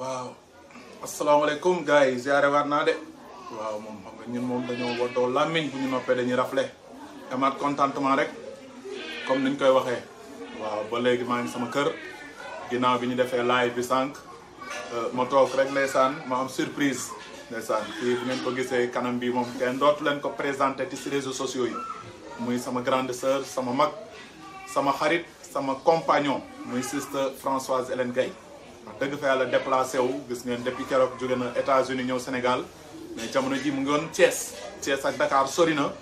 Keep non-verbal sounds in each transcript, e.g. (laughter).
waaw asalaamaaleykum gars yi ziare waat naa de waaw moom xam ñun moom dañoo woddoo làmmiñ bu ñu noppee dañuy rafle amaat contentement rek comme niñ koy waxee waaw ba léegi maa ngi sama kër ginnaaw bi ñu defee live bi sànq euh, ma toog rek ndeysaan ma am surprise ndeysaan fii bu ngeen ko gisee kanam bi moom kenn dootu leen ko présenté ci si réseaux sociaux yi muy sama grande sœur sama mag sama xarit sama compagnon muy sister Françoise Hélène Gaye wax dëgg fa yàlla déplacé wu gis ngeen depuis keroog jóge na États-Unis ñëw Sénégal mais jamono ji mu ngi woon cees Thiès ak dakaar sori na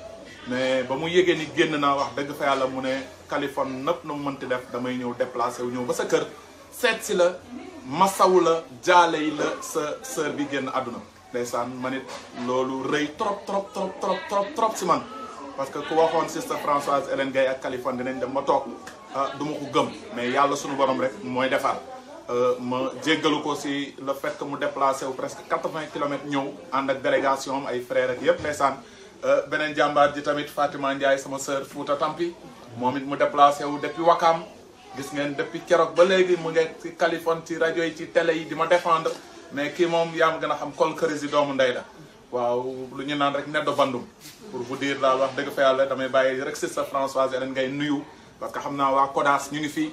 mais ba mu yégee ni génn naa wax dëgg fa yàlla mu ne Californie nëpp na mu mënti def damay ñëw déplacé wu ñëw ba sa kër seet si la masawu la jaale yi la sa sœur bi génn àdduna ndeysaan ma it loolu rëy trop trop trop trop trop trop si man parce que ku waxoon sister Françoise Hélène Gaye ak Californie dinañ dem ba toog ah du ma ko gëm mais yàlla suñu borom rek mooy defar Euh, ma jéggalu ko si le fait que mu déplacé presque quatre km kilomètres and ànd ak délégation am ay frères ak yëpp ndeysaan euh, tamit Fatima Ndiaye sama sœur Fouta Tampi moom it mu déplacé wu depuis Wakaam gis ngeen depuis keroog ba léegi mu ngi ci Kaliphone ci rajo yi ci télé yi di ma défendre mais kii moom yaa ma xam kol këris yi doomu ndey la waaw lu ñu naan rek neddo bandum pour vous dire daal wax dëgg fa yàlla damay bàyyi rek Sister Françoise yeneen ngay nuyu parce que Kodas ñu ngi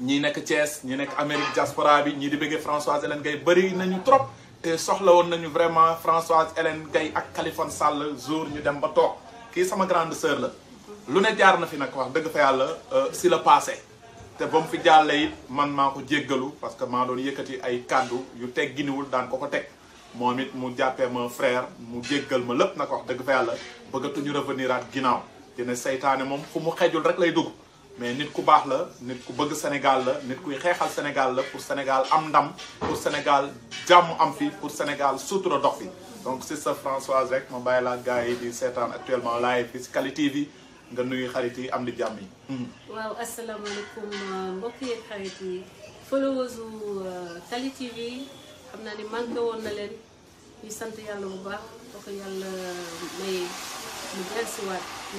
ñi nekk Thiès ñi nekk Amérique diaspora bi ñii di bëggee Françoise Hélène Gaye bëri nañu trop te soxla woon nañu vraiment Françoise Hélène Gaye ak Kaliphone Sall jour ñu dem ba toog kii sama grande sœur la lu ne jaar na fi nag wax dëgg fa yàlla euh, si la passé te ba mu fi jàllee it man maa ko jéggalu parce que maa doon yëkkati ay kàndu yu teg giniwul daan ko ko teg moom it mu jàppee ma frère mu jéggal ma lépp nag wax dëgg fa yàlla bëggatuñu revenir at ginnaaw dina seytaane moom fu mu xejul rek lay dugg mais nit ku bax la nit ku bëgg Sénégal la nit kuy Sénégal la pour Sénégal am ndam pour Sénégal pour am fi pour Sénégal sutura dox donc c'est ça Françoise rek ma bàyyi laa actuellement live le TV nga pour xarit am di jàmm yi. Hmm. waaw asalaamaaleykum euh, mbokk yeeg xarit yi followers Sénégal, Kali euh, TV xam ni manqué na leen ñu le yàlla bu baax euh, may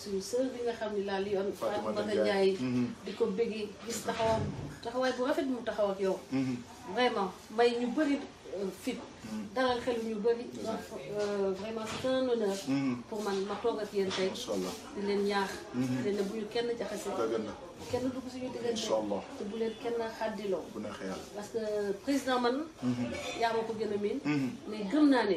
su sër bi nga xam ne laa li yoon Fatoumata Ndiaye mm-hmm. di ko bëggee gis taxawam taxawaay bu rafet mu taxaw ak yow mm-hmm. vraiment may ñu bëri euh, fit mm-hmm. dalal xelu ñu bëri donc euh, vraiment c'est pour man ma toog ak yéen tey di leen ñaax di leen ne bu ñu kenn jaxase kenn dugg suñu diggante te bu leen kenn xàddiloo parce que président man yaa ma ko gën a miin mais gëm naa ne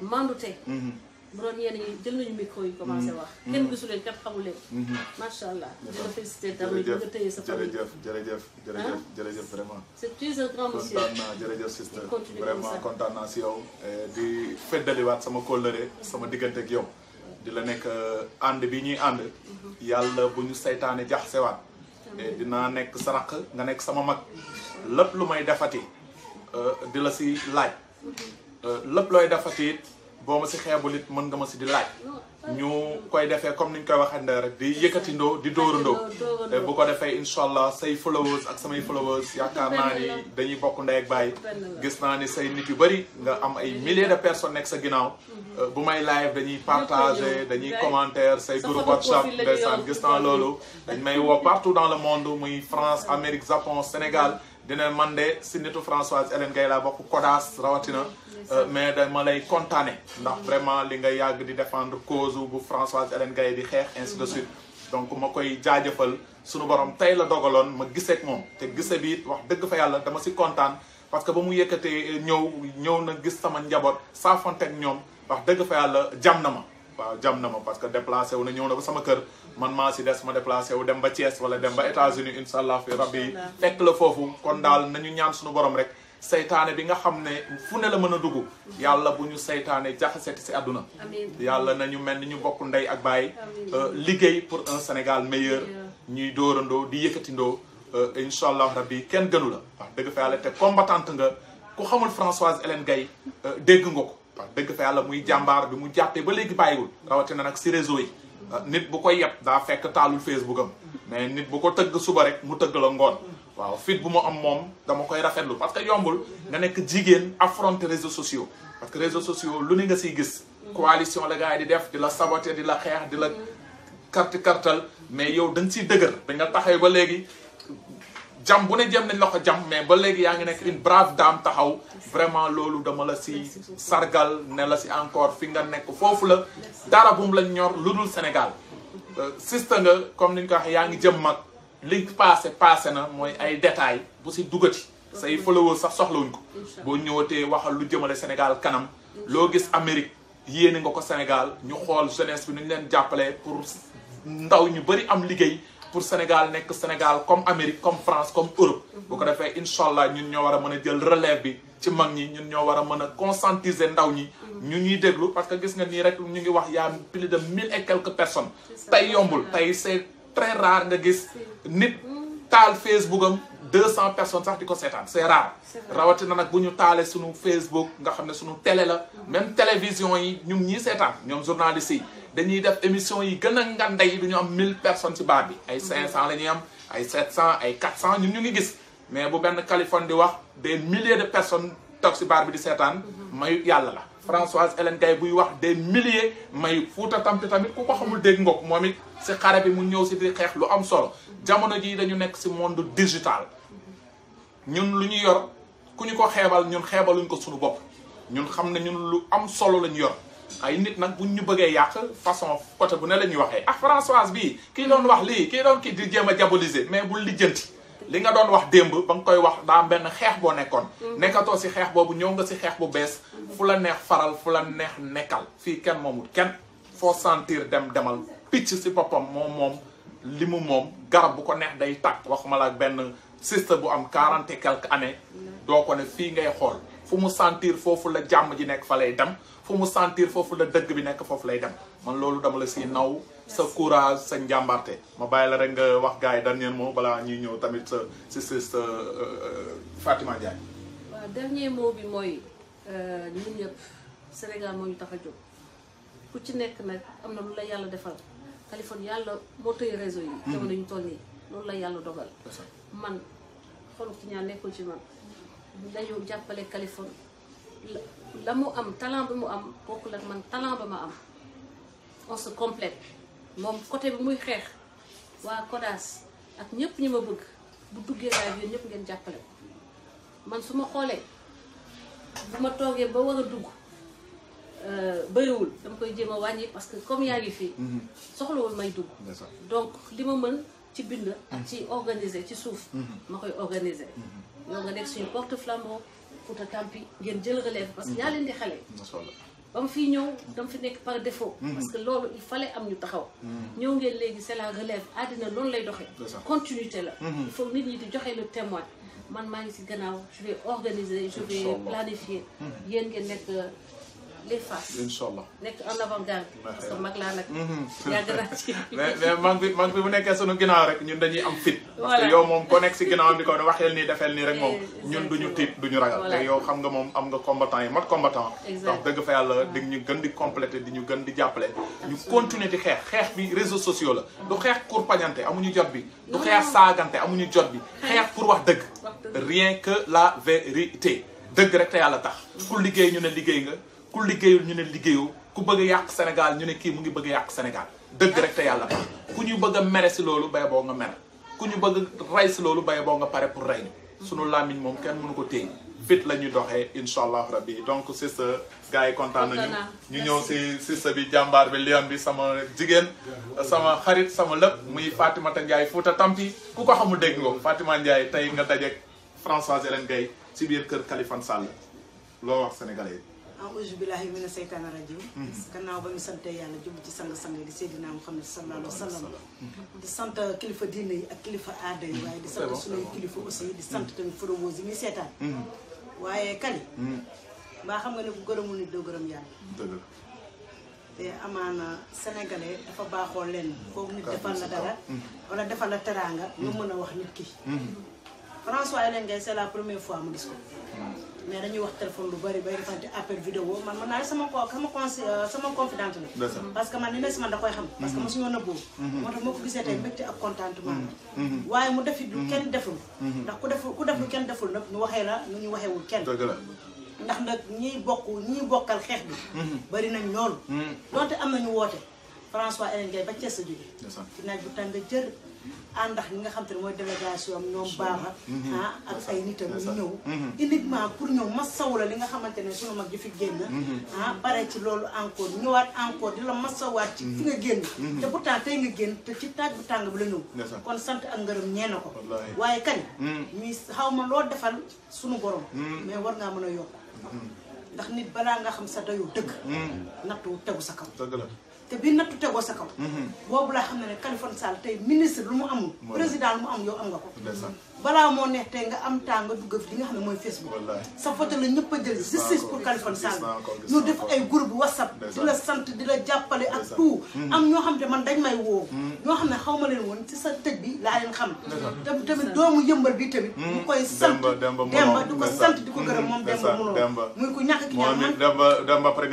mandute. bu doon yéen ñi jël nañu micro yi commencé mm-hmm. wax. kenn mm-hmm. gisu kenn xamu leen. Mm-hmm. macha allah di la félicité tamit nga tëye vraiment. c'est tu un grand monsieur kontaan naa jërëjëf sister vraiment kontaan naa si yow. Eh, di feddaliwaat sama kóllëre sama diggante ak yow. di la nekk eh, ànd bi ñuy ànd. yàlla bu ñu saytaane jaxasewaat. Eh, dinaa nekk sa nga nekk sama mag. lépp lu may defati di la si laaj. Euh, lépp looy defati it boo ma si xeebul it mën nga ma si di laaj ñu koy defee comme ni ñu koy waxandee rek di yëkkatindoo di dóorandoo euh, bu ko defee incha allah say followers ak samay followers yaakaar naa ni dañuy bokk ndey ak baay gis naa ni say nit yu bëri nga am ay milliers de personnes nekk sa ginnaaw mhm. euh, bu may live dañuy partager dañuy commentaire say groupe whatsapp ndeysaan gis naa loolu dañ may woo partout dans le monde muy France Amérique Japon Sénégal dina man de si nitu Françoise Hélène Gaye laa bokk CODAS rawatina. Euh, mais dama lay kontaane. ndax vraiment li nga yàgg di défendre cause bu Françoise Hélène Gaye di xeex ainsi de suite. donc ma koy jaajëfal sunu borom tey la dogaloon ma gisee moom te gise bi wax dëgg fa yàlla dama si kontaan parce que ba mu yëkkatee ñëw ñëw na gis sama njaboot saa ñoom wax dëgg fa yàlla jam na ma. waaw jam na ma parce que déplacé wu na ñëw na ba sama kër man maa si des ma déplacé wu dem ba Thiès wala dem ba États-Unis incha allah fi rabbi fekk la foofu kon daal na ñu ñaan suñu borom rek seytaane bi nga xam ne fu ne la mën a dugg yàlla bu ñu seytaanee saytaane jaxaseti si àdduna yàlla na ñu mel ni ñu bokk ndey ak bàyyi euh, liggéey pour un Sénégal meilleur ñuy dóorandoo di yëkkatindoo euh, incha allah rabbi kenn gënu la wax dëgg fa yàlla te combattante nga ku xamul Françoise Hélène wax dëgg fa yàlla muy jàmbaar bi mu jàppee ba léegi bàyyiwul rawatina nag si réseau yi euh, nit bu koy yeb daa fekk taalul Facebook am mais nit bu ko tëgg suba rek mu tëgg la ngoon waaw fit bu mu am moom dama koy rafetlu parce que yombul nga nekk jigéen affronter réseaux sociaux parce que réseau sociaux lu ne nga siy gis coalition la gars di def di la saboter di la xeex di la karti kartal mais yow da nga siy dëgër da nga taxee ba léegi jam bu ne jëm ne la ko jam mais ba léegi yaa ngi nekk une brave dame taxaw vraiment loolu dama la si sargal ne la si encore fi nga nekk foofu la dara bum lañ ñor lu dul Sénégal euh, sista nga comme ni ñu ko waxee yaa ngi jëm mag li passé passé na mooy ay détails bu si dugati say followers sax soxlawuñ ko boo ñëwatee waxal lu jëmale Sénégal kanam loo gis Amérique yéene nga ko Sénégal ñu xool jeunesse bi nu ñu leen jàppalee pour ndaw ñu bëri am liggéey pour Sénégal nek Sénégal comme Amérique comme France comme Europe bu ko defé inshallah ñun ñoo wara mëna jël relève bi ci mag ñi ñun ñoo wara mëna conscientiser ndaw ñi ñu ñuy déglu parce que gis nga ni rek ñu ngi wax ya plus de 1000 et quelques personnes tay yombul tay c'est très rare nga gis nit tal Facebook 200 personnes sax diko sétane c'est rare rawatina nag bu ñu talé suñu Facebook nga xamné suñu télé la mm-hmm. même télévision yi ñun ñi sétane ñom journalistes yi dañuy def émission yi gën a nganda yi du am mille personne ci baat bi ay 500 la ñuy am ay 700 ay cent ñun ñu ngi gis mais bu benn Californie di wax des milliers de personnes toog ci baat bi di seetaan mayu yàlla la. Françoise Hélène buy wax des milliers may Fuuta Tampi tamit ku ko xamul dégg nga moom it ci xare bi mu ñëw si di xeex lu am solo jamono jii dañu nekk ci monde digital ñun lu ñu yor ku ñu ko xeebal ñun xeebaluñ ko suñu bopp ñun xam ne ñun lu am solo lañu yor. ay nit nak buñ ñu bëggé yàq façon côté bu ne la waxé ak ah, Françoise bi ki doon wax li ki doon ki di jema diaboliser mais bul lijjanti li nga doon wax demb ba koy wax da ben xex bo nekkon mm. nekkatoo si xex bobu ñëw nga si xex bu bes mm. fu la neex faral fu la neex nekkal fi kenn moomul kenn fo sentir dem demal pitch ci popam mom mom limu mom garab bu ko neex day tak waxuma la ben sister bu am quarante et quelques années mm. do ko ne fi ngay xol fu mu sentir fofu la jamm ji nekk falay dem fu mu sentir foofu la dëgg bi nekk foofu lay dem man loolu dama la si naw sa courage sa njàmbarte ma bàyyi la rek nga wax gars yi dernier mot balaa ñuy ñëw tamit sa si si sa euh, euh, Fatima Diagne waaw dernier bi mooy euh, ñun ñëpp Sénégal moo ñu tax a jóg ku ci nekk nag am na lu la yàlla defal Californie yàlla moo tëye réseau yi mm-hmm. jamono ñu toll nii loolu la yàlla dogal man xolu ci ñaar nekkul ci man dañu jàppale Californie la am talent bi mu am bokkul ak man talent ba ma am on se complète mom côté bi muy xeex wa Kodas ak ñepp ñi bëgg bu duggé la vie ñepp ngeen jappalé man suma xolé xoolee bu ma toogee ba wara dugg euh bëriwul dama koy jéem wañi parce que comme yaa ngi fii mhm. soxlawul may dugg donc li ma mën ci bind ak mhm. ci organiser ci souf mhm. ma koy organiser yow nga nekk suñu porte flambeau Fouta Tampi ngeen jël relève parce que yaa leen di xale ba mu fiy ñëw dama fi nek par défaut mhm. parce que lolu il fallait am ñu taxaw mhm. ñew ngeen légui c'est la relève adina non lay doxé continuité la mhm. il faut nit ñi di joxé le témoin man ma ngi ci gannaaw je vais organiser je vais planifier yeen ngeen nek les faces incha allah nekk en avant mhm. (laughs) mais mais mag bi mag bi bu nekkee sunu ginnaaw rek ñun dañuy am fit. parce que yow moom ko nekk si ginnaawam di ko waxeel nii defeel nii rek moom. Eh, ñun duñu tiit duñu ragal. te yow xam nga moom am nga combattant yi mat combattant. exactement dëgg fa yàlla di ñu gën di complété di ñu gën di jàppale. ñu continuer di xeex xeex bi réseaux sociaux la. du xeex pour pañante amuñu jot bi. du xeex saagante amuñu jot bi. xeex pour wax dëgg. rien que la vérité dëgg rek te yàlla tax ku liggéey ñu ne liggéey nga ku liggéeyul ñu ne liggéeyoo ku bëgg a yàq Sénégal ñu ne kii mu ngi bëgg a Sénégal dëgg rek te yàlla tax ku ñu bëgg a mere si loolu bay boo nga mere ku ñu bëgg a rey si loolu bay boo nga pare pour rey ñu sunu làmmiñ moom kenn munu ko téye fit la ñuy doxee incha allah rabbi donc c'est ça gars yi kontaan nañu ñu ñëw si si sa bi jàmbaar bi lion bi sama jigéen sama xarit sama lépp muy Fatimata Ndiaye Fouta Tampi ku ko xamul dégg nga Fatima Ndiaye tey nga dajeeg Françoise Hélène Gaye si biir kër Kaliphone Sall loo wax auzu billahi mina seytaani rajim mm-hmm. gannaaw ba ñu sante yàlla jub ci sang-sang di Seydina Muhammad sallallahu alayhi sa sallam sant kilifa diine yi ak kilifa aada yi waaye di sant mm-hmm. suñuy kilifa aussi di sant mm-hmm. tamit fromose yi muy seetaan waaye kali mbaa xam nga ne ku gërëmul nit doo gërëm yàlla te amaana sénégalais dafa baaxoo lenn foofu nit defal la dara wala defal la teraanga ñu mën a wax nit ki François Hélène Gaye c'est la première fois mu gis ko mais dañuy wax téléphone lu bari bay defante appel vidéo man man naa sama kooku sama con euh, sama confidente la. Mm-hmm. parce que man li ne si man xam. parce que mm-hmm. mosu ñu woon a boobu. Mm-hmm. moo tax moo ko gisee tey mbégte ak contentement la. waaye mu def lu kenn deful. ndax ku deful ku def lu kenn deful nag ñu waxee la nu ñu waxeewul kenn. ndax nag ñiy bokk ñii bokkal xeex bi. bari nañ loolu. donte am nañu woote. François Hélène Gueye ba Thiès a jógee ci naaj bu tàng jër ànd nga xam te ne délégation am ñoom baaba mhm. ah ak ay nitam ñu mhm. uniquement pour ñëw masawu li nga mag mhm. ah, ci encore ñëwaat encore di la masawaat ci fi nga génn te pourtant tey nga génn te ci taaj bu tàng bi la ñëw kon ak defal sunu borom mais war ngaa mën a ndax nit balaa nga xam sa tegu sa te bi nattu tego sa kaw mhm. boobu laa xam ne ne Kaliphone Sall tey ministre lu mu amul président lu mu am yow am nga ko balaa moo neex tey nga am temps nga dugg fi li nga xam ne mooy Facebook sa photo la ñëpp a jël justice pour Kaliphone Sall ñu def ay groupe whatsapp di la sant di la jàppale ak tout hmm. am ñoo xam ne man dañ may woo hmm. ñoo xam ne xaw ma leen woon ci sa tëj bi laa leen xam tam tamit doomu yëmbal bi tamit hmm. ñu koy sant di ko sant di moom demba munoo muy ku ñàkk ki ñaan man demba demba après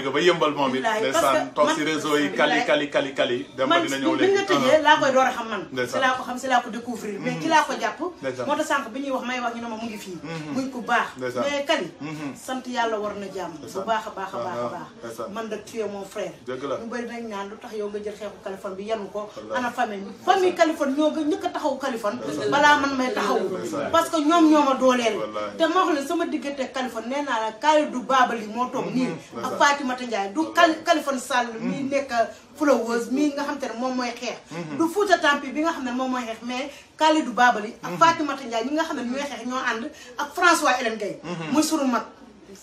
nga ba yëmbal moom it ndeysaan toog si réseau yi kali kali kali kali demba dina ñëw léegi man bi nga tëjee ah. laa koy door a xam man si laa ko xam si laa ko découvrir mais ki laa ko jàpp moo tax sànq bi ñuy wax may wax ñu ne ma mu ngi fii mhm. muy ku baax mais kan mhm. sant yàlla war na jàmm bu baax a baax a baax a baax man da tuye mon frère ñu bëri nañ naan lu tax yow nga jël xeexu Kaliphone bi yanu ko ana famille bi famille ñoo gën ñëkk a taxaw Kaliphone balaa man may taxaw parce que ñoom ñoo ma dooleel te wax la sama diggante Kaliphone nee naa la Kalidou Babali moo toog nii mhm. ak Fatimata Ndiaye du Kaliphone Sall mi nekk followers mii nga xam te ne moom mooy xeex mhm. du Fouta Tampi bi nga xam ne moom mooy xeex mais Kalidou Babali ak mhm. Fatimata Ndiaye ñi nga xam ne ñooy xeex ñoo ànd ak François Hélène Gueye mhm. muy sunu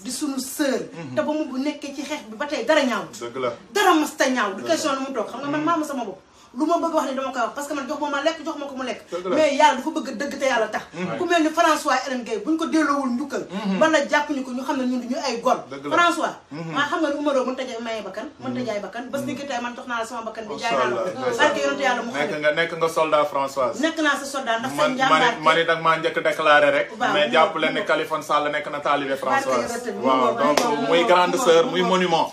di sunu sœur te ba mu nekkee ci xeex bi ba tey dara ñaaw dara mas ta ñaaw du question lu mu toog xam nga man maamu sama bopp luma bëgg wax ni dama koy wax parce que man jox moma lek jox ma mu lek mais yalla dafa bëgg dëgg te yalla tax ku melni François Hélène Gueye buñ ko delloowul man la japp ñu ko ñu xam ne ñun duñu ay gor François ma mhm. xam nga ne Umaro mën ta jaay maye bakkan mën ta mhm. jaay bakkan bës ni gëtay man jox la sama bakkan bi jaay naa la barke yonente yàlla mu nek nga nek nga soldat François nek na sa soldat ndax sa njàmbaar man it ak ma ñëk déclarer rek mais japp len ni califon Sall nek na talibé François waaw donc muy grande sœur muy monument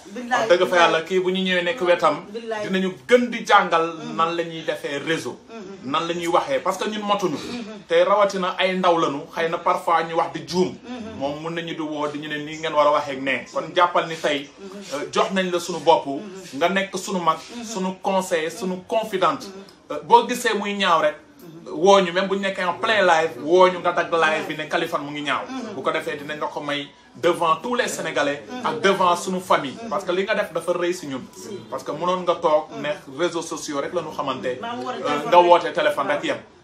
dëgg fa yalla ki bu ñu ñëwé nek wetam dinañu gën di jàngal nan la ñuy defee réseau mhm. nan la ñuy waxee parce que ñun motuñu mhm. te rawatina ay ndaw lañu xëy na parfois ñu wax di juum mhm. moom mun nañu di woo di ñu ne nii ngeen war a waxee ak nee kon jàppal ni tey euh, jox nañ la suñu bopp nga nekk suñu mag suñu conseil suñu confidente euh, boo gisee muy ñaaw rek woo même bu ñu en plein live woo nga dagg live bi ne Kaliphone mu ngi ñaaw. Mm-hmm. bu ko defee dinañ la ko may devant tous les sénégalais. Mm-hmm. ak devant suñu famille. Mm-hmm. parce que li nga def dafa reuy si ñun. parce que mënoon nga tok ne réseaux sociaux rek la ñu xamante. Euh, nga téléphone rek yem.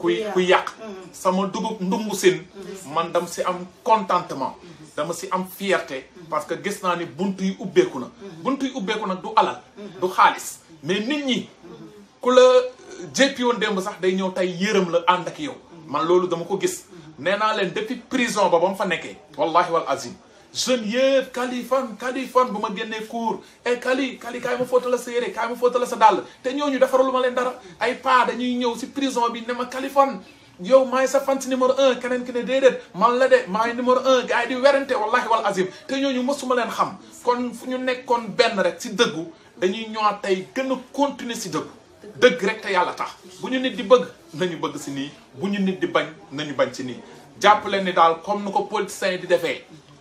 kuy kuy yàq mm-hmm. sama dugub ndumbu sin mm-hmm. man dama si am contentement mm-hmm. dama si am fierté parce que gis naa ni bunt yu ubbeeku na bunt yu ubbeeku nag du alal du xaalis mais nit ñi ku la euh, jéppi woon démb sax day ñëw tey yërëm la ànd ak yow man loolu dama ko gis nee naa leen depuis prison ba ba mu fa nekkee wallahi wal azim jeune yëpp Kaliphone Kaliphone bu ma génnee cours e eh, Kali Kali kaay ma fóotal la sa yére kaay ma fóotal la sa dàll te ñooñu defaralu ma leen dara ay pas dañuy ñëw si prison bi ne ma Kaliphone yow maay sa fans numéro un keneen ki ne déedéet man la de maay numéro un gars yi di werante wallahi wal azim te ñooñu mësuma leen xam kon fu ñu nekkoon benn rek si dëggu dañuy ñëwaat tey gën a continuer si dëggu dëgg rek te yàlla tax bu ñu nit di bëgg nañu bëgg si nii bu ñu nit di bañ nañu bañ si nii jàpp leen ni daal comme nu ko politiciens yi di defee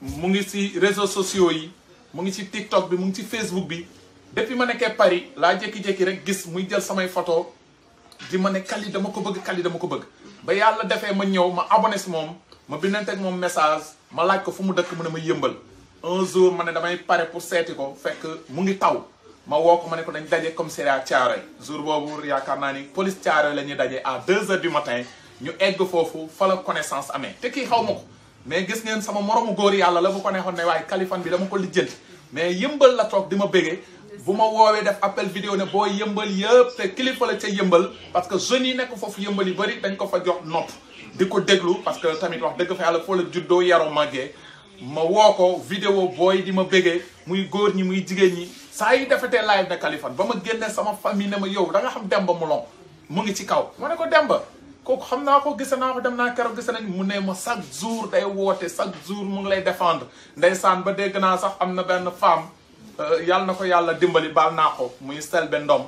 mu ngi si réseaux sociaux yi mu ngi si TikTok bi mu ngi si Facebook bi depuis ma nekkee Paris laa jékki-jékki rek gis muy jël samay photo di ma ne Kali dama ko bëgg Kali dama ko bëgg ba yàlla defee ma ñëw ma abone si moom ma bindante ak moom message ma laaj ko fu mu dëkk mu ne ma yëmbal un jour ma ne damay pare pour seeti ko fekk mu ngi taw ma woo ko ma ne ko dañ daje commissariat Thiaroye jour boobu yaakaar naa ni police Thiaroye la ñuy daje à deux heures du matin ñu egg foofu fa la connaissance amee te kii mais gis ngeen sama moromu góor yàlla la bu ko neexoon ne waaye Kaliphone bi dama ko lijjanti mais yëmbal la toog di ma bégee bu ma woowee def appel vidéo ne booy yëmbal yëpp te kilifa la ca yëmbal parce que jeunes yi nekk foofu yëmbal yu bëri dañ ko fa jox nopp di ko déglu parce que tamit wax dëgg fa yàlla foo la juddoo yaroo màggee ma woo ko vidéo booy di ma bégee muy góor ñi muy jigéen ñi saa yi defetee live ne Kaliphone ba ma génne sama fami ne ma yow da xam Demba Moulon mu ngi ci kaw kooku xam naa ko gis naa ko dem naa keroog gis nañ mu ne ma chaque jour day woote chaque jour mu ngi lay défendre ndeysaan ba dégg naa sax am na benn femme euh, yàlla na ko yàlla dimbali baal naa ko muy Selbé Ndom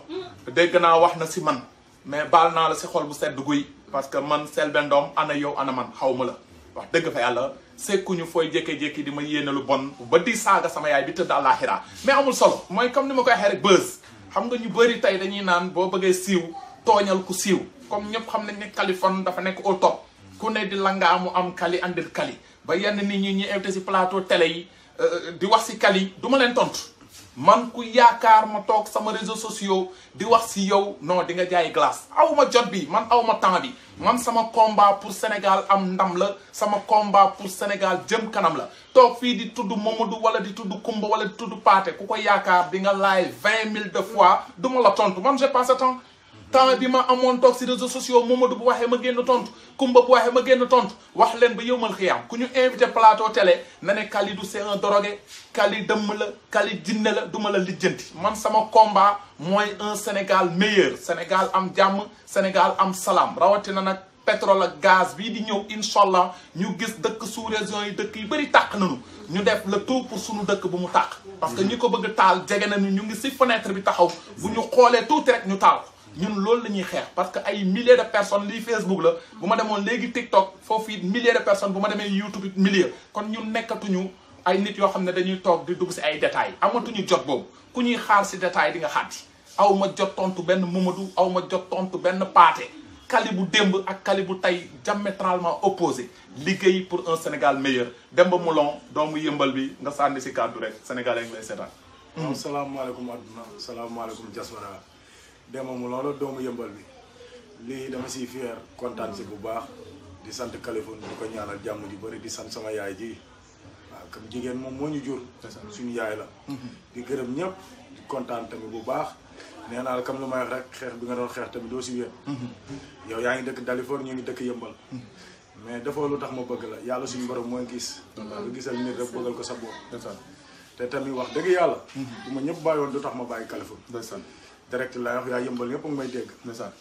dégg naa wax na si man mais baal naa la si xol bu sedd guy parce que man Selbé Ndom ana yow ana man xaw ma la wax dëgg fa yàlla sekkuñu fooy jékki-jékki di ma yéene lu bon ba di saaga sama yaay bi tëdd àllaaxira mais amul solo mooy comme ni ma koy waxee rek buzz xam nga ñu bëri tey dañuy naan boo bëggee siiw tooñal ku siiw comme ñëpp xam nañ ne Kaliphone dafa nekk au top ku ne di langaa mu am Kali andil Kali ba yenn nit ñi ñu invité si plateau tele yi euh, euh, di wax si Kali du ma leen tontu man ku yaakaar ma toog sama réseaux sociaux di wax si yow non di nga jaay glace aw ma jot bi man aw ma temps bi man sama combat pour Sénégal am ndam la sama combat pour Sénégal jëm kanam la toog fii di tudd du wala di tudd Kumba wala di tudd Paate ku ko yaakaar di nga laay vingt mille de fois du la tontu man j'ai pas ce temps temps bi ma amoon toog si réseaux sociaux Momadou bu waxee ma génn tontu Kumba bu waxee ma génn tontu wax leen ba yëwmal xiyaam ku ñu invité plateau tele na ne Kalidou c'est un drogué Kali dëmm la Kali jinne la du ma la lijjanti man sama komba mooy un Sénégal meilleur Sénégal am jàmm Sénégal am salaam rawatina nag pétrole ak gaz bii di ñëw incha allah ñu gis dëkk sous région yi dëkk yi bëri tàq nañu ñu def le tout pour suñu dëkk bu mu tàq parce que ñi ko bëgg taal jege nañu ñu ngi si fenêtre bi taxaw bu ñu xoolee tuuti rek ñu taal ñun loolu la ñuy xeex parce que ay milliers de personnes lii Facebook la bu ma demoon léegi TikTok foofu it milliers de personnes bu ma demee YouTube it milliers kon ñun nekkatuñu ay nit yoo xam ne dañuy toog di dugg si ay détails amatuñu jot boobu ku ñuy xaar si détails di nga xàtti aw ma jot tontu benn Mamadou aw ma jot tontu benn Paate kali bu démb ak kali bu tey diamétralement opposé liggéey pour un Sénégal meilleur Demba Moulon doomu yëmbal bi nga sànni si kàddu rek sénégalais ngi lay seetaan. salaamaaleykum adduna salaamaaleykum jasmara demam lolo doomu yembal bi li dama siy fier contane si bu baax di sante telephone di ko ñaanal jamm di bari di sante sama yaay ji kam jigen mom moñu jur suñu yaay la mm-hmm. di gërëm ñep di contane tammi bu baax nee kam la lu may rek xex bi nga doon xex tammi do ci wéet mm-hmm. yow yaangi ngi dëkk Dalifort ñu ngi dëkk yembal mm-hmm. mais dafa lu tax ma bëgg la yalla suñu borom moy gis nga gisal nit rek bëggal ko sa bo te tammi wax dëgg yalla bu ma ñëpp du tax ma bayyi telephone direct laa wax yaa yëmbal yëpp a ngi may dégg. ndeysaan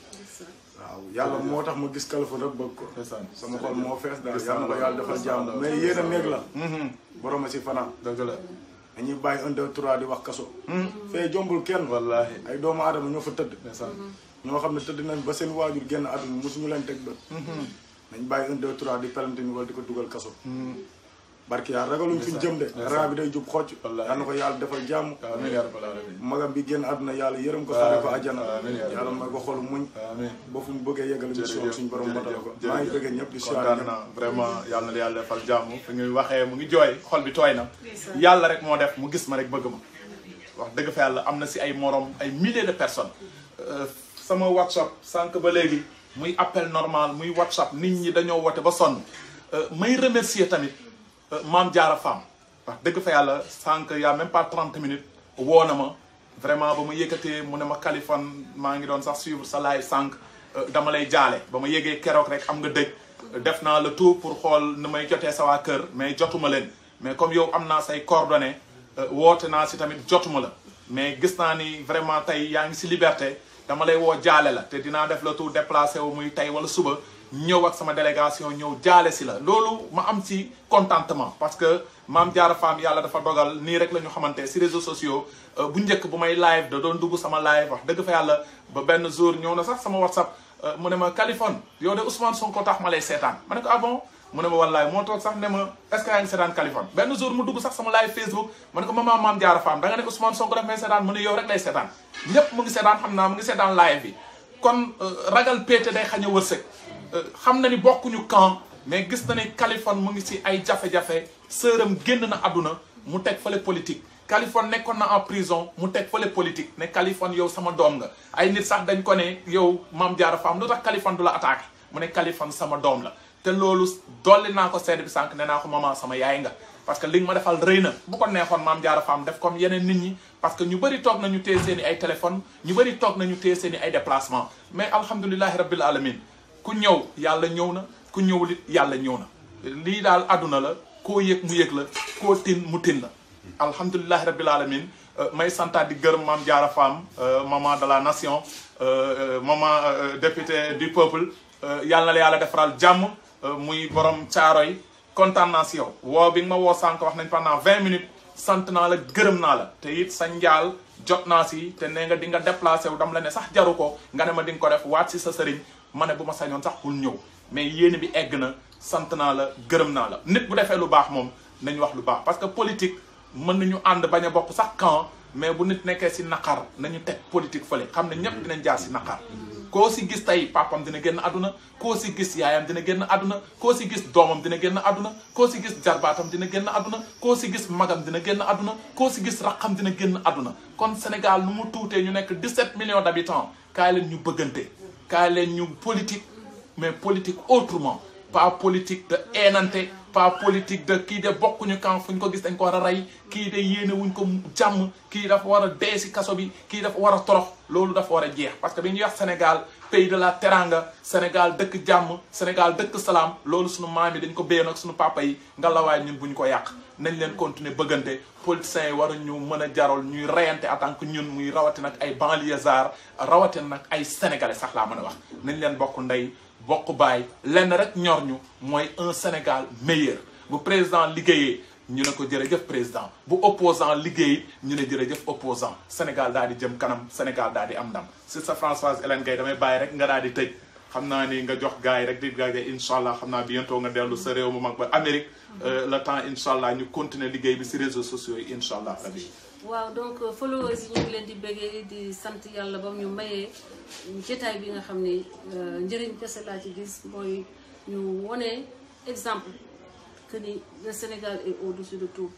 waaw yàlla moo tax ma gis Kalifeu rek bëgg ko. ndeysaan sama xol moo fees daal yàlla ko yàlla defal jàmm mais yéen a néeg la. Mm-hmm. borom a si fanaan. dëgg la dañuy bàyyi un deux trois di wax kaso. Mm-hmm. fee jombul kenn. wallaahi ay doomu aadama ñoo fa tëdd. ndeysaan mm-hmm. ñoo xam ne tëdd nañ ba seen waajur génn àdduna mosuñu leen teg bët. nañ bàyyi un trois di pelante ni wala di ko dugal kaso. barki yàlla ragaluñ fi jëm de raa bi day jub xocc yal na ko yàlla defal jàmm magam bi génn àdduna yàlla yërëm ko xare ko àjjana yàlla may ko xol mu bëggee jooy xol bi tooy na yàlla rek moo def mu gis ma rek bëgg ma wax dëgg fa yàlla am na si ay morom ay milliers de personnes euh, sama whatsapp sànq ba léegi muy appel normal muy whatsapp nit ñi dañoo woote ba sonn euh, may remercier tamit Euh, maam jaara femme wax dëgg fa yàlla sànq y a même pas trente minutes woo na ma vraiment ba ma yëkkatee mu ne ma Kaliphone maa ngi doon sax suivre sa live sànq euh, dama lay jaale ba ma yégee keroog rek am nga dëj euh, def naa le tout pour xool nu may jotee sa waa kër mais jotuma leen mais comme yow am naa say coordonnées woote naa si tamit jotuma la mais gis naa ni vraiment tey yaa ngi si liberté dama lay woo jaale la te dinaa def le tout déplacé wu muy tey wala suba ñëw ak sama délégation ñëw jaale si la loolu ma am si contentement parce que maam jaara faam yàlla dafa dogal nii rek la ñu xamante si réseaux sociaux euh, bu njëkk bu may live da doon dugg sama live wax dëgg fa yàlla ba benn jour ñëw na sax sama whatsapp euh, mu ne ma Kaliphone yow de Ousmane Sonko tax ma lay seetaan ma ne ko ah bon mu ne ma wallaay moo toog sax ne ma est-ce ngi seetaan Kaliphone benn jour mu dugg sax sama live Facebook ma ne ko maman maam jaara faam da nga ne Ousmane Sonko daf may seetaan mu ne yow rek lay naa mu ngi kon euh, ragal pété day xañ a wërsëg xam na ni bokkuñu camp mais gis na ne Kaliphone mu ngi si ay jafe-jafe sëram génn na àdduna mu teg fële politique Kaliphone nekkoon na en prison mu teg fële politique ne Kaliphone yow sama doom nga ay nit sax dañ ko ne yow Mame Diarra Fam lu tax Kaliphone du la attaqué mu ne Kaliphone sama doom la te loolu dolli naa ko seede bi sànq ne naa ko maman sama yaay nga parce que li nga ma defal rëy na bu ko neexoon Mame Diarra Fam def comme yeneen nit ñi parce que bëri toog nañu ñu bëri toog nañu téye seen i ay déplacement mais alhamdulilahi rabbil ku ñëw yàlla ñëw na ku ñëwul it yàlla ñëw na lii daal àdduna la koo yëg mu yëg la koo tin mu tin la alhamdulilahi rabbil alamin may santaat di gërëm maam jaara Fam maman de la nation maman député du peuple yàlla na la yàlla defaral jàmm muy borom caaro yi kontaan naa si yow woo bi nga ma woo sànq wax nañ pendant vingt minutes sant naa la gërëm naa la te it sa njaal jot naa si te ne nga di nga déplacé wu dam la ne sax jaru ko nga ne ma di nga ko def waat si sa sëriñ mané ne bu ma sañoon sax pour ñew mais yéene bi egg na sant na la gërëm na la nit bu défé lu baax mom nañ wax lu baax parce que politique mën nañu and baña a bokk sax camp mais bu nit nekké ci nakar nañu tek politique fële xam ñepp dinañ jaar ci nakar ko si gis tay papam dina genn aduna ko si gis yaayam dina genn aduna ko si gis domam dina genn aduna ko si gis jarbatam dina genn aduna ko si gis magam dina genn aduna ko si gis raqam dina genn aduna kon Sénégal lu mu tuutee ñu nekk 17 millions d'habitants kaay leen ñu bëggante kaa leen ñu politique mais politique autrement pas politique de eenante pas politique de kii de bokkuñu camp fu ñu ko gis dañ ko war a rey kii de yéene wuñ ko jàmm kii dafa war a dee si kaso bi kii dafa war a torox loolu dafa war a jeex parce que bi ñuy wax Sénégal pays de la teranga Sénégal dëkk jàmm Sénégal dëkk salaam loolu suñu maam yi dañ ko béyoon ak suñu papa yi ngalawaay ñun bu ñu ko yàq nañ leen continuer bëggante politiciens war a ñu mën a jaral ñuy reyante en tant que ñun muy rawatina nag ay banlieusards rawati nag ay sénégalais sax laa mën a wax nañ leen bokk ndey bokk baay lenn rek ñor ñu mooy un Sénégal meilleur bu président liggéeyee ñu ne ko jërëjëf président bu opposant liggéey ñu ne jërëjëf opposant Sénégal daal di jëm kanam Sénégal daal di am ndam si sa Françoise Hélène Gaye damay bàyyi rek nga daal di tëj xam naa ni nga jox gars yi rek di incha allah xam naa bientôt nga dellu sa réew mu mag ba Amérique Euh, le temps Inch'Allah, nous ñu continuer sur bi réseaux sociaux Inch'Allah, incha waaw donc euh, followers nous ñu ngi leen di bëggee di sant yàlla ba ñu mayee jotaay bi nga xam ne euh, njëriñ kese ci gis mooy ñu wone exemple que ni le Sénégal est au-dessus de tout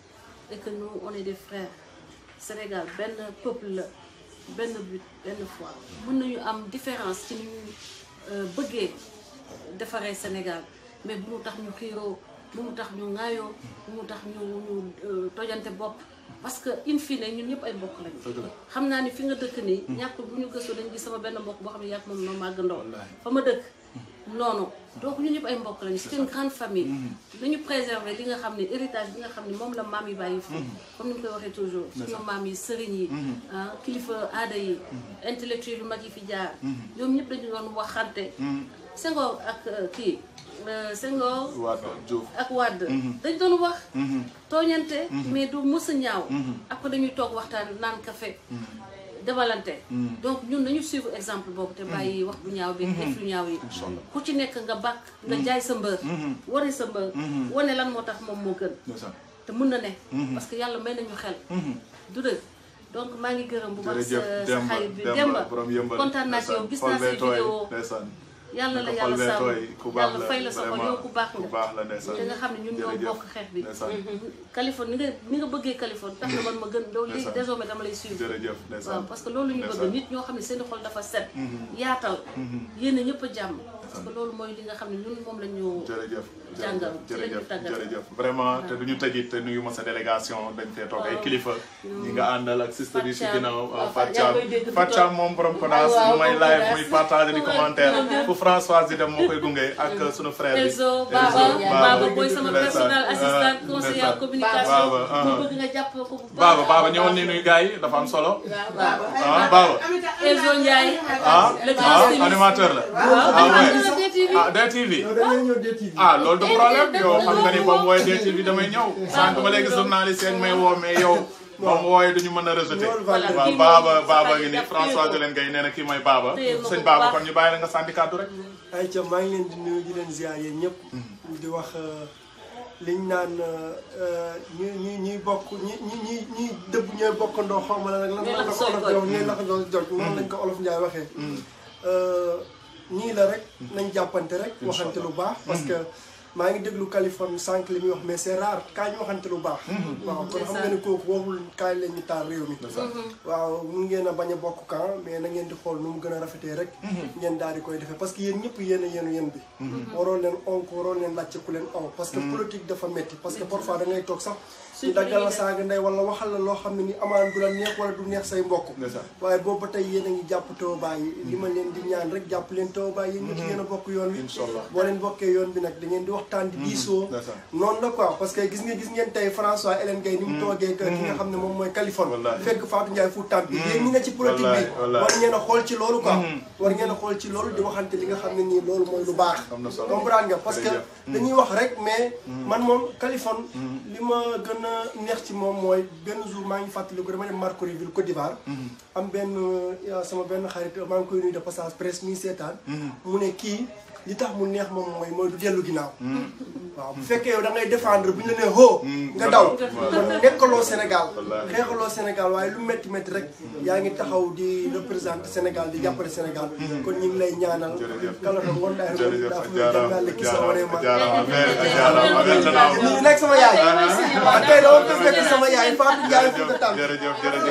et que nous on est des frères Sénégal ben peuple ben but ben foi Nous avons am différence ci ni ñu bëggee defaree Sénégal mais bu mu tax ñu xiiroo. bu mu tax ñu ŋaayoo bu mu tax ñu ñu euh, tojante bopp parce que in fine ñun ñëpp ay mbokk lañu xam naa ni fi nga dëkk nii hmm. ñàkkul bu ñu gëstoo dañu gis sama benn mbokk boo xam ne yàgg moom noo màgg ndaw fa ma dëkk hmm. noonu donc ñun ñëpp ay mbokk lañu c'est une grande famille dañu hmm. préserver li nga xam ne héritage bi nga xam ne moom la maam yi bàyyi fi comme ni mu koy waxee toujours suñu maam yi sëriñ yi ah, kilifa aada yi intellectuel yu mag yi fi jaar ñoom ñëpp dañu doon waxante Senghor ak euh, kii Euh, Senghor ak Wade mhm. dañ doon wax mhm. tooñante mhm. mais du mës a ñaaw après dañuy toog waxtaan naan café demalante donc ñun nañu suivre exemple boobu te bàyyi wax bu ñaaw bi def lu ñaaw yi ku ci nekk nga bàkk nga jaay sa mbër wari sa mbër wane lan moo tax moom moo gën te mën na ne parce que yàlla may nañu xel du dëgg donc maa ngi gërëm bu baax sa xarit bi Demba kontaan naa ci yow gis naa say vidéo yàlla la yàlla sàmm yàlla fay la sa xol yow ku baax nga te nga xam ne ñun ñoo bokk xeex bi Kaliphone mm-hmm. ni nga ni nga bëggee Kaliphone tax man ma gën daw léegi désormais dama lay suivre waaw parce que loolu ñu bëgg nit ñoo xam ne seen xol dafa set mm-hmm. yaatal mm-hmm. yéen ñëpp a jàmm parce que loolu mooy li nga xam ne ñun moom la ñu. jërëjëf jàngal jërëjëf vraiment te du ñu tëj te nuyu ma sa délégation dañ fee toog ay kilifa. ñi nga àndal ak sister yi si ginnaaw. Fathiam Fathiam moom borom kodaas mu may live muy partage di commentaire fu Françoise di dem moo koy gunge ak sunu frère bi. Elzo Baba Baba booy sama personnalité la communication uh-huh. baax baaba baaba ñëwoon ni nuy gars yi dafa am solo ah baaba ah, ah, ah, animateur la ah DTV ah loolu du eh, problème eh, yow xam nga ni eh, boobu wooye DTV damay ñëw sànq ba léegi journaliste yi may woo mais yow moom wooye duñu mën a rejeté waaw baaba baaba ngi ni François Jolène Gaye kii mooy baaba sëñ baaba kon ñu bàyyi la nga sànni rek ay ca maa leen di nuyu di leen ziar yéen ñëpp mm. wax euh, liñ naan ñu ñu ñuy bokk ñi ñi ñi ñuy dëbb ñooy bokkandoo xaw ma nag lan la ko olof jox ñooy nax doon jox moom mm. lañ ko olof njaay waxee ñii mm. euh, la rek mm. nañ jàppante rek waxante lu baax parce que maa ngi déglu Californie sànq li muy wax mais c'est rare kaa lu baax. Mhm. waaw kon xam nga ne kooku waxul kaay la ñu taal réew mi. Mhm. waaw mun ngeen a bañ a bokk camp mais na ngeen di xool nu mu gën a rafetee rek. Mhm. ngeen daal di koy defee parce que yéen ñëpp yéen a yéen yéen bi. waroo leen onk waroo leen laajte ku leen onk. parce que politique dafa métti parce que parfois da toog sax. ci daggal la saaga ndey wala waxal la loo xam ne ni amaan du la neex wala du neex say mbokk waaye boobu ba tey yéen jàpp tawba yi nga gis ngeen tey François Hélène mm-hmm. ki nga xam ne moom mooy Californie fekk Fatou Ndiaye fu tàmp bi mm-hmm. yéen ñi nga ci politique bi war ngeen xool ci loolu quoi mm-hmm. war ngeen xool ci loolu di waxante li nga xam ne nii loolu mooy lu baax comprendre nga parce dañuy wax rek mais man moom Californie li ma gën a neex ci moom mooy benn jour maa ngi fàttaliku dama dem Marcouville Côte d'Ivoire. Mhm. am benn euh, sama benn xarit maa ngi koy nuyu de passage presse mi ngi seetaan. Mhm. mu ne kii li tax mu neex mom moy moy du dellu ginnaaw. waaw bu fekke yow da ngay défendre bu ñu la nee hoo. nga daw kon nekkaloo Sénégal. xeexaloo Sénégal waaye lu metti metti rek. yaa ngi taxaw di représenter Sénégal di jàppale Sénégal. kon ñing lay ñaanal. kala ko won naa rek da fi jàppale ki sama réew ma. jërëjëf nekk sama yaay. ak tey dama fekk nekk sama yaay Fatou Ndiaye fi ko tàmm. jërëjëf jërëjëf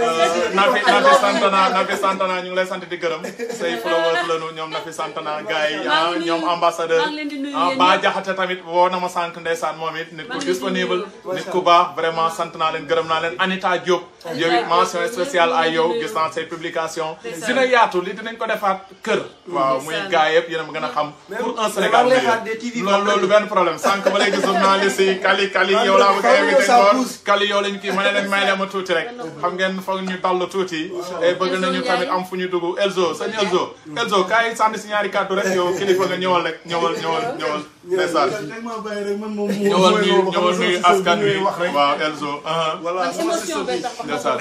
euh, Nafi Santana Nafi Santana ñu lay sant di gërëm say followers la ñu ñoom Nafi Santana gaay ñoom ambassadeur ah, ba jaxate tamit woo na ma sànq ndeysaan moom it nit ku disponible nit ku vraiment sant naa leen gërëm naa leen Anita Diop yow mention spéciale ay yow gis naa say publication dina yaatu li dinañ ko defaat kër waaw muy gars yëpp yéen a ma gën a xam pour un Sénégal loolu loolu benn problème sànq ba léegi journaliste yi kali kali yow laa bëgg a invité ngoor kali yow lañ kii ma ne leen may leen ma tuuti rek xam ngeen foog ñu dallu tuuti eh, bëgg nañu tamit am fu ñu dugg Elzo sëñ Elzo Elzo kaay sànni si ñaari kàddu kilifa nga ñëwal rek ñëwal ñëwal ñëwal ndeysaan ñëwal nuyu ñëwal nuyu askan wi waaw Elzo ndeysaan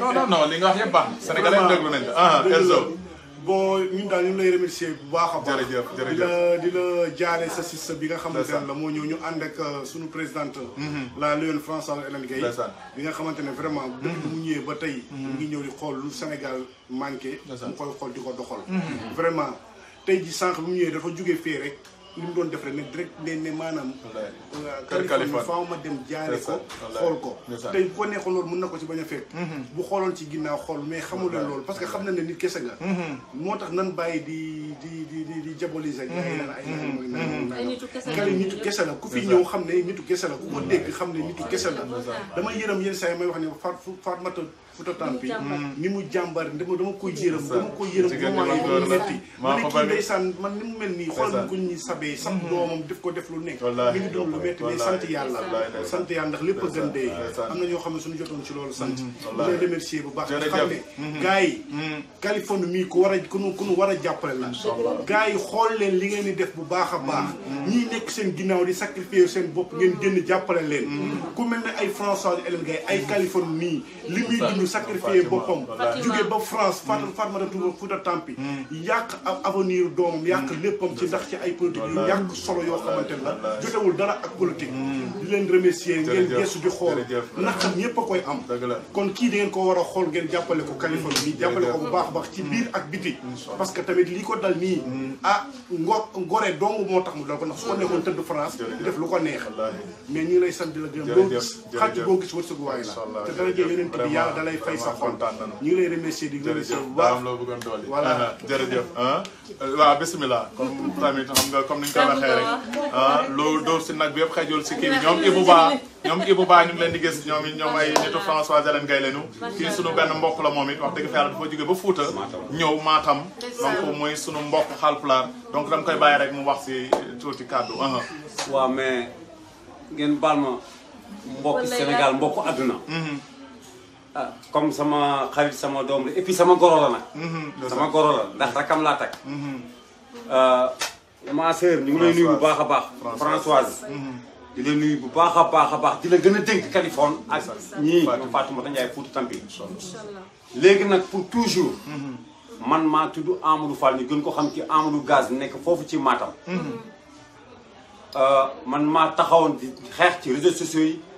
non non non li nga wax yëpp baax sénégalais déglu nañ la Elzo bon ñun daal ñu lay remercier bu baax baax jërëjëf jërëjëf di la di la sa sista bi nga xamante la moo ñëw ñu ak euh, suñu présidente mhm. la bi nga vraiment depuis mhm. mu ñëwee ba tey mu mhm. ngi di xool lu Sénégal manqué mu koy doxal vraiment tey ji sànq bu mu ñëwee dafa jugee fee rek li mu doon def rek ne direct ne ne maanaam. Kaliphone faaw ma dem jaare ko xool ko tey ko neexoon loolu mën na ko ci bañ a fekk bu xooloon ci ginnaaw xool mais xamul leen loolu parce que xam na ne nit kese nga moo tax nan bàyyi di di di di di jaboliser ay ku fi ñëw xam ne nitu kese la ku ko dégg xam ne nitu kese la dama yërëm yenn saa yi may wax ne far farmata Fouta Tampi mm. ni mu jàmbar dama dama ko yërëm dama ko yërëm moment yi metti ma ne kii ko ñu mm-hmm. lu nekk mi ngi doon lu metti mais sant yàlla sant yàlla ndax lépp na ñoo xam ne suñu jotoon ci loolu sant ñu mm-hmm. lay remercier bu baax xam ne mm-hmm. gars war a ku nu ku nu a jàppale la gars li ngeen di def bu baax a baax ñii seen ginnaaw di sacrifier seen bopp ngeen génn jàppale leen ku mel ne ay François Hélène Gaye ay Californie mii li muy ñu sacrifier tu jóge ba France hmm. Tampi hmm. yak avenir Dom Yak hmm. ci ndax ci ay politique solo yo la jotewul dara politique di leen remercier ngeen gessu di nakam ñepp am kon ki di ngeen ko wara a ngeen ko ko bu baax baax ci ak parce que tamit dal ah mu France def mais ñi lay sant la gis la te dara bi lay fay sa xol ñu ngi lay remercier di remercier bu baax am loo bëggoon doole voilà ah, jërëjëf ah, waaw bismillah comme tamit xam nga comme ni ñu ko rek ah loolu si nag yëpp xajul si kii ñoom Ibou Ba ñoom Ibou Ba ñu ngi leen di gis ñoom it ñoom ay nitu François Hélène Gaye leenu kii sunu benn mbokk la moom it wax dëgg fa yàlla dafa jóge ba Fuuta ñëw Matam donc mooy sunu mbokk Haalpulaar donc dama koy bàyyi rek mu wax si tuuti kàddu ah, waaw mais ngeen baal ma mbokk Sénégal mbokk àdduna mhm. Ah, comme sama xarit sama doom la et puis sama goro la nag. Mhm, sama goro ndax rakam laa takk. Mhm. Ah, ma sœur ñu ngi lay nuyu bu baax a baax. Françoise mhm. di la nuyu bu baax a baax a baax di la gën a dénk Californie ak ñii ñoom Fatoumata Ndiaye Fouta Tampi. léegi nag pour toujours. man maa tudd Amadou Fall ñu gën ko xam ci Amadou Gaz nekk foofu ci Matam. Ah, man maa taxawoon di xeex ci réseaux sociaux yi.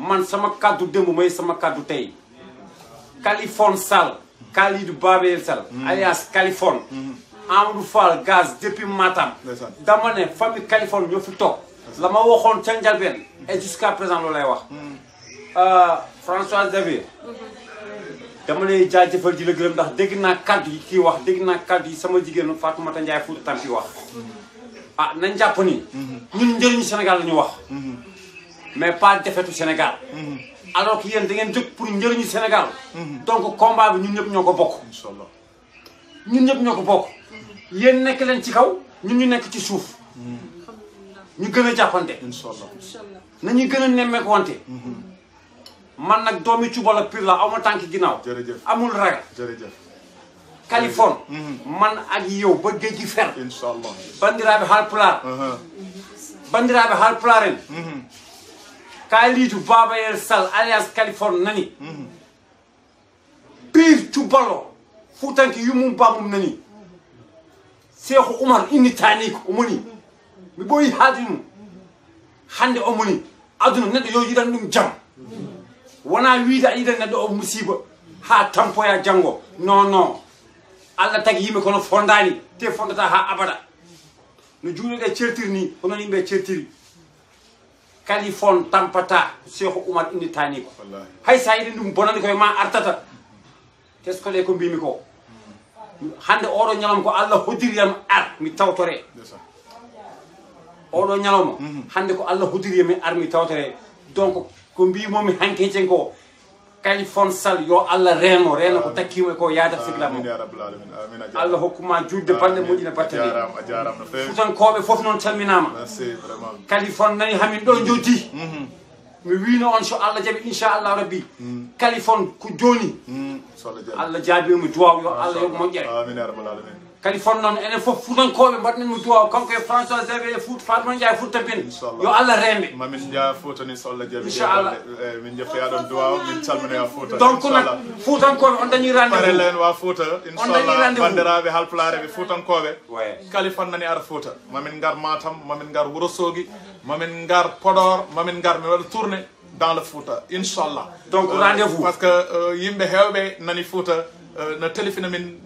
man sama kàddu démb mooy sama kàddu tey Kaliphone Sall Khalidou Babel Sall mm-hmm. alias Kaliphone mm-hmm. Amadou Fall gaz depuis Matam dama ne famille Kaliphone ñoo fi toog la ma waxoon ca njalbeen et jusqu'à présent loolu lay wax mm-hmm. euh, François Xavier dama lay jaajëfal di la gërëm ndax dégg naa kàddu yi kii wax dégg naa kàddu yi sama jigéenu Fatoumata Ndiaye Fouta Tampi wax ah nañ jàpp ni ñun njëriñu Sénégal la wax mais pas defetu Sénégal. Mhm. alors que yéen da ngeen jóg pour njëriñu Sénégal. Mhm. donc combat ñu ñëpp ñoo ko bokk. inshallah ñëpp ñoo ko bokk. yéen nekk leen ci kaw ñu ñu nekk ci suuf. Mhm. ñu gën a jàppante. inshallah nañuy gën a nemmeeku wante. man nag doomi Cuba la Pire la aw ma tànk ginnaaw. jërëjëf amul ragal. jërëjëf Californie. man ak yow ba géej gi fer. inshallah bandiraaɓe Haalpulaar. Uh-huh. bandiraaɓe Haalpulaar en. kaalidu baba el sall alias californe nani pire cubballo futanki yummum bamum nani seeko umar innitani ko o moni mi ɓoyi haadi ɗum hande o moni aduna neɗɗo yo yiɗan ɗum jam wona wiide a yiɗan neɗɗo o musiba ha tampoya janngo non non allah tagi yimɓe kono fondani te fondata ha abada no juuɗeɗe certiri ni honoon yimɓe certiri kalifon tampata cheikhu oumar innitaniko hay sa yiɗi ndum bonani koye ma artata qe ce que le ko mbimi ko hande oɗo ñalom ko allah hodiriyam ar mi tawtore oɗo ñalom mhm. hande ko allah hodiriyami e ar mi tawtore donc ko mbimomi hanke hecen ko kañ fon sal yo allah reeno reeno ko takkima e ko yadata siglam allah hokkuma judde balɗe moƴƴina battali futankoɓe foof noon calminama kali fon nani hamin ɗo joddi mhm. mi wino on so allah jaaɓi inchallah rabbi mhm. kali fon ko joni mhm. allah jaabimi duwaw yo allah yoɓ moƴƴere كاليفورنيا انا فوق فودان كوبي باتني متوا كم كي فرانسوا زيفي فوت فارمان جاي فوت تبين يو الله رامي ما من جا فوت ان شاء الله جاي ان شاء الله من جا في ادم دوا من تال من جا فوت دونك نا فوت ان كوبي Euh,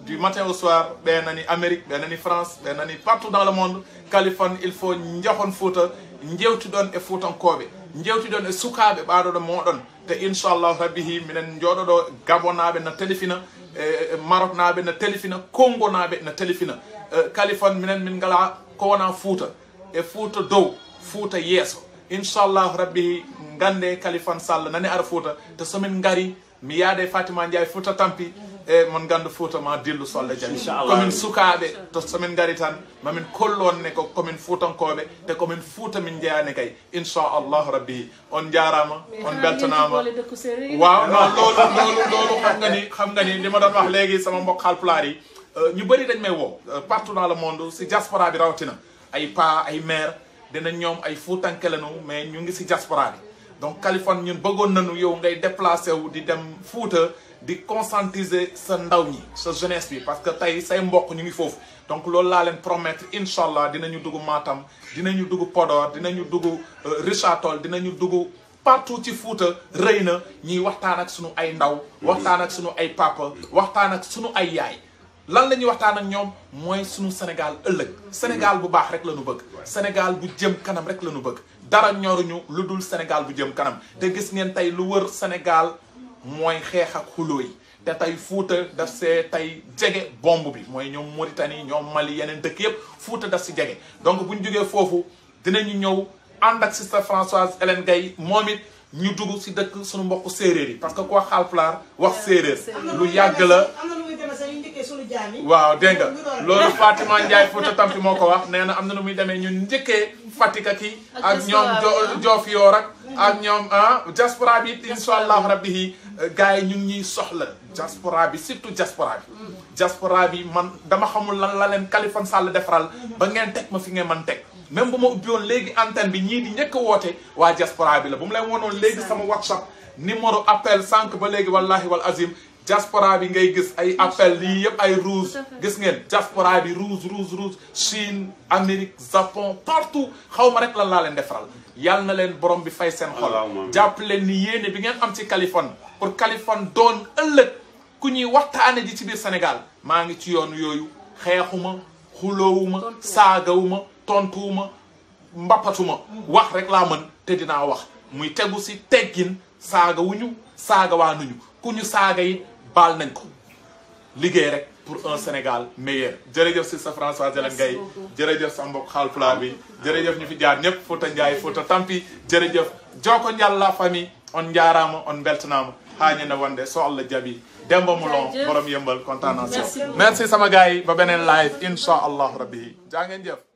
du matin au soir en amérique en france pas partout dans le monde Californie, il faut a fouta jewtiɗon e fuutankoɓe jewtiɗon e de ɓaɗoɗo moɗon te inchallahu rabbihi minen de Gabonabe, no telefina, e, e Maroc nabe, no congo nabe, na minen min gala ko wona foot, e fouta dow fouta yes. Inshallah rabihi, gande kalifan salle, nani ara fouta te somin gari mi yaade fatima ndiaye fouta tampi e mon nganndu fouta ma dillu solle jam komin sukaaɓe to somin ngari tan mamin kollonne ko komin fuutankooɓe te komin fuuta min jeyani kay inchallahu rabbi on jaarama on beltanama waaw non loolu loolu loolu xam nga ni xam nga ni li ma doon wax léegi sama mbokk Haalpulaar yi euh, ñu bëri dañ may woo euh, partout dans le monde si diaspora bi rawatina ay pa ay maire dina ñoom ay fuutanke lanu mais ñu ngi si diaspora donc Kaliphone ñun bëggoon nañu yow ngay déplacé wu di dem Fuuta di conscientiser sa ndaw ñi sa jeunesse bi parce que tey say mbokk ñu ngi foofu donc loolu laa leen promettre incha allah dinañu dugg Matam dinañu dugg Podor dinañu dugg euh, Richard Toll dinañu dugg partout ci Fuuta rëy na ñuy waxtaan ak sunu ay ndaw waxtaan ak sunu ay papa waxtaan ak sunu ay yaay lan la ñuy waxtaan ak ñoom mooy suñu Sénégal ëllëg Sénégal bu baax rek la ñu bëgg Sénégal bu jëm kanam rek la ñu bëgg dara ñoruñu lu dul Sénégal bu jëm kanam te gis ngeen tey lu wër Sénégal mooy xeex ak xuloo yi te tey Fuuta daf see tey jege bomb bi mooy ñoom Mauritanie ñoom Mali yeneen dëkk yépp Fuuta daf si jege donc bu ñu jógee foofu dinañu ñëw ànd ak Sister Françoise Hélène Gaye moom it ñu dugg si dëkk suñu mbokk séeréer yi parce que ku wax xaalpulaar wax séeréer lu yàgg la waaw dégg nga loolu Fatima Ndiaye Fouta Tampi moo ko wax nee na am na nu muy demee ñun njëkkee Fatick ak yi ak ñoom Joof ah. Yoor ak mm-hmm. ak ñoom ah diaspora bi insha allahu bi yi eh, gars yi ñu ñuy soxla diaspora bi surtout diaspora bi mm-hmm. diaspora bi man dama xamul lan la leen Kalifone Sall defaral mm-hmm. ba ngeen teg ma fi ngeen man teg même bu ma ubbi woon léegi antenne bi ñii di njëkk a woote waa diaspora bi la bu mu leen woonoon léegi sama whatsapp numéro appel sànq ba léegi wallahi wal azim diaspora bi ngay gis ay appel lii yëpp ay rouge gis ngeen diaspora bi rouge rouge rouge Chine Amérique Japon partout xaw ma rek lan laa leen defaral yal na leen borom bi fay seen xol jàpp leen ni yéene bi ngeen am ci Kaliphone pour Kaliphone doon ëllëg ku ñuy waxtaane ji ci biir Sénégal maa ngi ci yoon yooyu xeexuma xuloowuma saagawuma tontuwuma mbappatuma wax rek laa mën te wax muy tegu si teggin saaga wuñu saaga waa waanuñu ku ñu saaga yi baal nañ ko liggéey rek pour un Sénégal meilleur jërëjëf si sa François Hélène Gaye jërëjëf sa mbok mbokk Haalpulaar bi jërëjëf ñu fi jaar ñëpp Fouta Ndiaye Fouta Tampi jërëjëf joko njal la famille on njaaraama on mbeltanaama haañene wonde so allah jaɓi demba mulon borom yëmbal kontaan naa si merci sama gars yi ba beneen live inchallahu rabbi jaa ngeen jëf